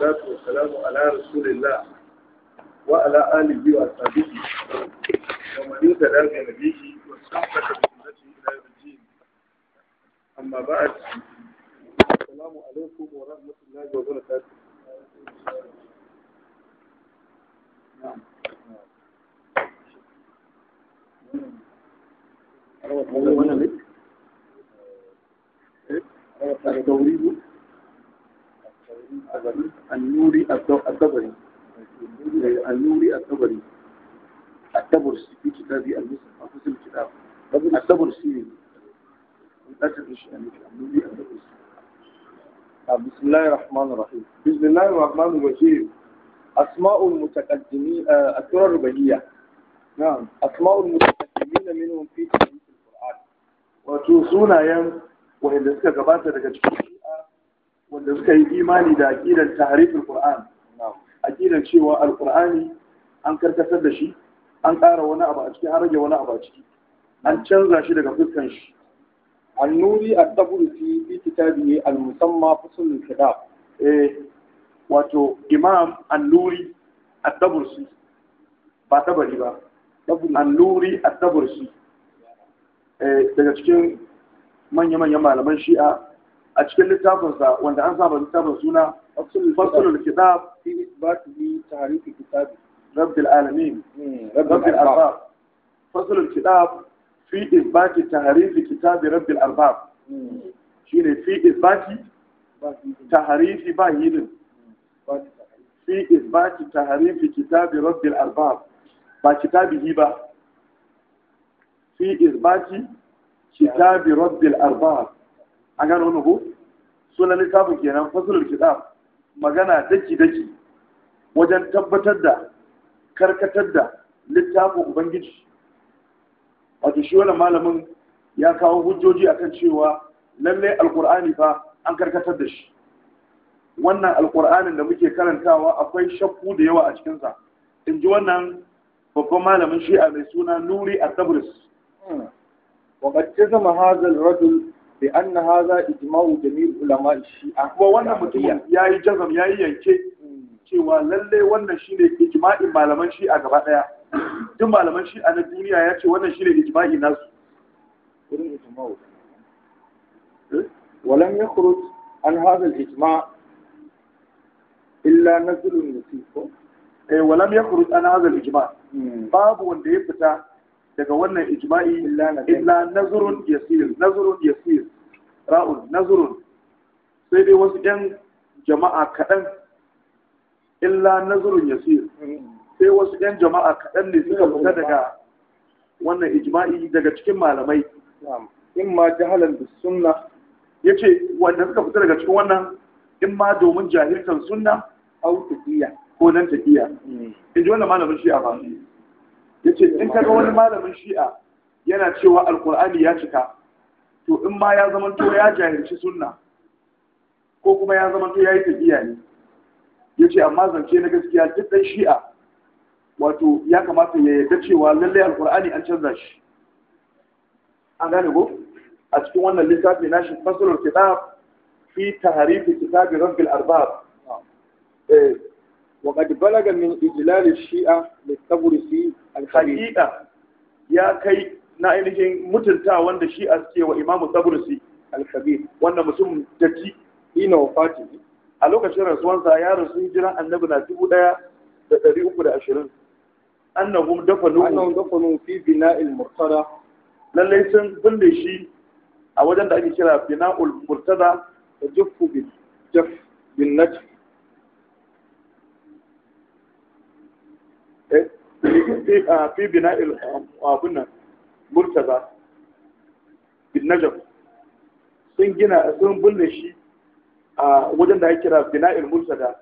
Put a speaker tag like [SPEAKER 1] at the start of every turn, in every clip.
[SPEAKER 1] salatu wa salamu ala rasulillah wa ala alihi wa sahbihi wa man yutadar ga nabiyyi wa sahbihi wa man yutadar ga nabiyyi wa sahbihi amma ba'd assalamu alaikum wa rahmatullahi annuri al-dabari annuri al-dabari التبرس في كتاب المصحف في الكتاب التبرس لا تدرش أنك أمني التبرس بسم الله الرحمن الرحيم بسم الله الرحمن الرحيم أسماء المتقدمين أسرار الربهية نعم أسماء المتقدمين منهم في تاريخ القرآن وتوصونا يوم وهي اللي سكا قباتها لك wanda suka yi imani da aƙidar tahrifin A aƙidar cewa alƙur'ani an karkasar da shi an ƙara wani abu a ciki an rage wani abu a ciki an canza shi daga fuskan shi annuri at-taburusi fi ne al-musamma fusul kitab eh wato imam annuri at-taburusi ba tabari ba annuri a taburusi eh daga cikin manya-manyan malaman shi'a a cikin littafinsa wanda an saba littafin suna fasulul kitab fi isbatihi tarikh kitab rabb alamin hmm, rabb al-arbab fasulul kitab fi isbati tarikh kitab rabb al-arbab hmm. shine fi isbati tarikh bahidin hmm, fi isbati tarikh kitab rabb al-arbab ba kitabihi ba fi isbati kitab rabb al-arbab an gano wani ko sunan lissafin kenan fasulul kitab magana daki daki wajen tabbatar da karkatar da littafin ubangiji wato shi wannan malamin ya kawo hujjoji akan cewa lallai alkur'ani fa an karkatar da shi wannan alkur'anin da muke karantawa akwai shakku da yawa a cikinsa in ji wannan babban malamin shi'a mai suna nuri a tabris وقد hmm. zama هذا rajul bi anna hadha ijma'u jami'ul ulama shi'a kuma wannan mutum yayi jazam yayi yanke cewa lalle wannan shine ijma'in malaman shi'a gaba daya duk malaman shi'a na duniya ya ce wannan shine ijma'i nasu wurin ijma'u ولم يخرج عن هذا الإجماع إلا نزل النسيق ولم يخرج عن هذا الإجماع باب وندي فتا daga wannan ijma'i illa nazurun yasir Nazurun yasir ra'un nazurun. sai dai wasu yan jama'a kaɗan illa nazurun yasir sai wasu yan jama'a kaɗan ne suka fita daga wannan ijma'i daga cikin malamai in ma jahalan bis sunna yace wanda suka fita daga cikin wannan in ma domin jahilkan sunna au tafiya ko nan tafiya hmm. in ji wannan malamin shi a ba ya ce in kaga wani malamin shi'a yana cewa alkur'ani ya cika to in ma ya zama to ya jahilci sunna ko kuma ya to ya yi tafiya ne ya ce amma zance na gaskiya duk ɗan shi'a wato ya kamata ya yarda cewa lallai alkur'ani an canza shi an gane ko a cikin wannan littafi na shi fasalul kitab fi tahrifi kitabi rabbil arbab وقد بلغ من إجلال الشيعة للتبرسي الحقيقة يا كي نائلين متلتا وند الشيعة سكي وإمام التبرسي الخبير وأن مسلم دتي إينا وفاتي ألوك شرع سوانسا يا رسول جرى النبي نتيبو دا تتري أكبر أشرين أنهم دفنوا أنهم دفنوا في بناء المرتضى للي سن بلي شي أولا دا أجي شرع بناء المرتضى تجف بالجف بالنجف fi bina abun nan bin najaf sun gina binne shi a wajen da ake kira bina il murtaza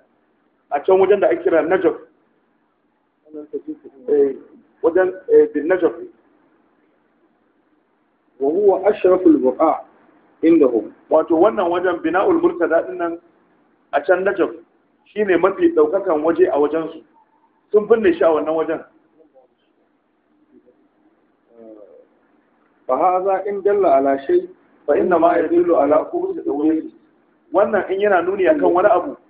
[SPEAKER 1] a can wajen da ake kira najaf eh, eh, bin najaf wa huwa ashraful buqa indahum wato wannan wajen bina'ul murtaza din nan a can najaf shine mafi ɗaukakan waje a wajen su sun binne shi a wannan wajen fa haza in dalla ala shay fa inna ma yadullu ala qubus dawlati wannan in yana nuni akan wani abu